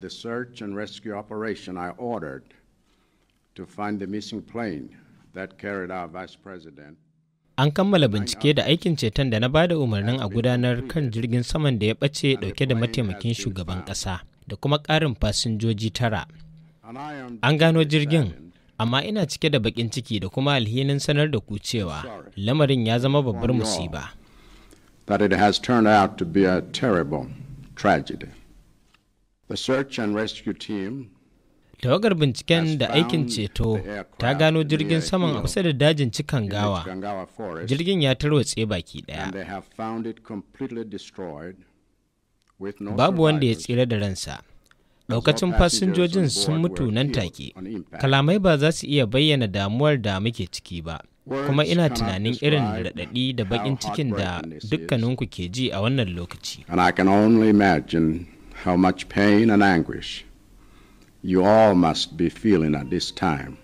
The search and rescue operation I ordered to find the missing plane that carried our vice president. An kammala bincike da aikin ceton da na ba da umarnin a gudanar kan jirgin saman da ya ɓace ɗauke da mataimakin shugaban ƙasa da kuma ƙarin fasinjoji tara. An gano jirgin, amma ina cike da baƙin ciki da kuma alhinin sanar da ku cewa lamarin ya zama babbar musiba. That it has turned out to be a terrible tragedy. The and rescue team tawagar binciken da aikin ceto ta gano jirgin saman a kusa da dajin cikan gawa jirgin ya tarwatse baki daya babu wanda ya tsira da ransa daukacin fasinjojin sun mutu nan take kalamai ba za su iya bayyana damuwar da muke ciki ba kuma ina tunanin irin raɗaɗi da baƙin cikin da dukkaninku ke ji a wannan lokaci and can only imagine how much pain and anguish you all must be feeling at this time.